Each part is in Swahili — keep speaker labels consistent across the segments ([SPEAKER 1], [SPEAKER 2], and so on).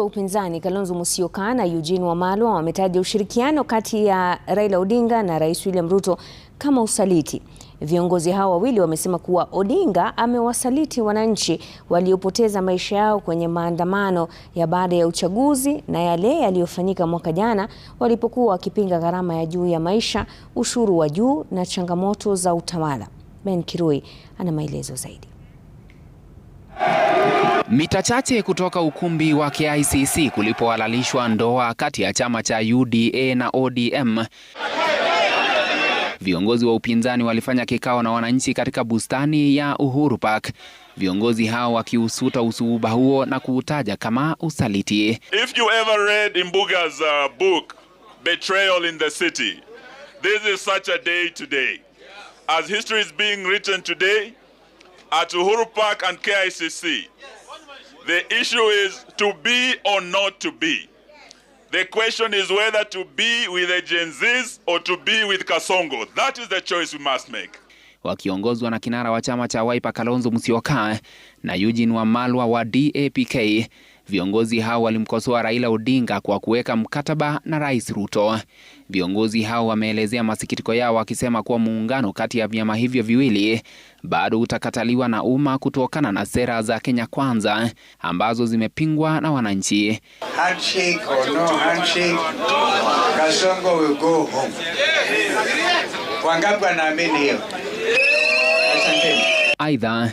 [SPEAKER 1] wa upinzani Kalonzo Musyoka na Eugene Wamalwa wametaja ushirikiano kati ya Raila Odinga na Rais William Ruto kama usaliti. Viongozi hao wawili wamesema kuwa Odinga amewasaliti wananchi waliopoteza maisha yao kwenye maandamano ya baada ya uchaguzi na yale yaliyofanyika mwaka jana walipokuwa wakipinga gharama ya juu ya maisha, ushuru wa juu na changamoto za utawala. Ben Kirui ana maelezo zaidi.
[SPEAKER 2] Mita chache kutoka ukumbi wa KICC kulipohalalishwa ndoa kati ya chama cha UDA na ODM, viongozi wa upinzani walifanya kikao na wananchi katika bustani ya Uhuru Park, viongozi hao wakiusuta usuhuba huo na kuutaja kama usaliti.
[SPEAKER 3] If you ever read in Mbuga's uh, book Betrayal in the City, this is such a day today. As history is being written today at Uhuru Park and KICC. The issue is to be or not to be. The question is whether to be with the Gen Zs or to be with Kasongo. That is the choice we must make.
[SPEAKER 2] Wakiongozwa na kinara wa chama cha Wiper Kalonzo Musyoka na Eugene Wamalwa wa DAPK Viongozi hao walimkosoa Raila Odinga kwa kuweka mkataba na Rais Ruto. Viongozi hao wameelezea masikitiko yao wakisema kuwa muungano kati ya vyama hivyo viwili bado utakataliwa na umma kutokana na sera za Kenya Kwanza ambazo zimepingwa na wananchi. Aidha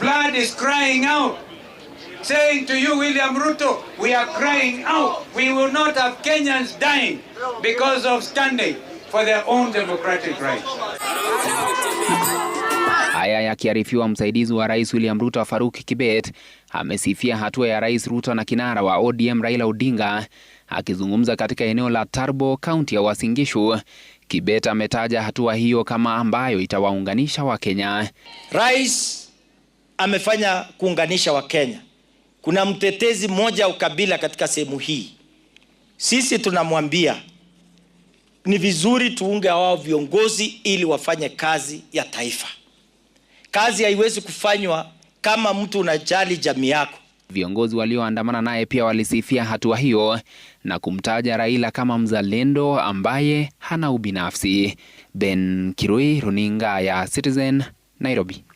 [SPEAKER 4] Blood is crying out, saying to you, William Ruto, we are crying out. We will not have Kenyans dying because of standing for their own democratic rights.
[SPEAKER 2] Haya yakiarifiwa, msaidizi wa rais William Ruto Faruk Kibet amesifia hatua ya rais Ruto na kinara wa ODM Raila Odinga. Akizungumza katika eneo la Tarbo, kaunti ya Uasin Gishu, Kibet ametaja hatua hiyo kama ambayo itawaunganisha Wakenya.
[SPEAKER 5] Rais amefanya kuunganisha Wakenya. Kuna mtetezi mmoja ukabila katika sehemu hii, sisi tunamwambia ni vizuri tuunge hao viongozi ili wafanye kazi ya taifa. Kazi haiwezi kufanywa kama mtu unajali jamii yako.
[SPEAKER 2] Viongozi walioandamana naye pia walisifia hatua hiyo na kumtaja Raila kama mzalendo ambaye hana ubinafsi. Ben Kirui, runinga ya Citizen, Nairobi.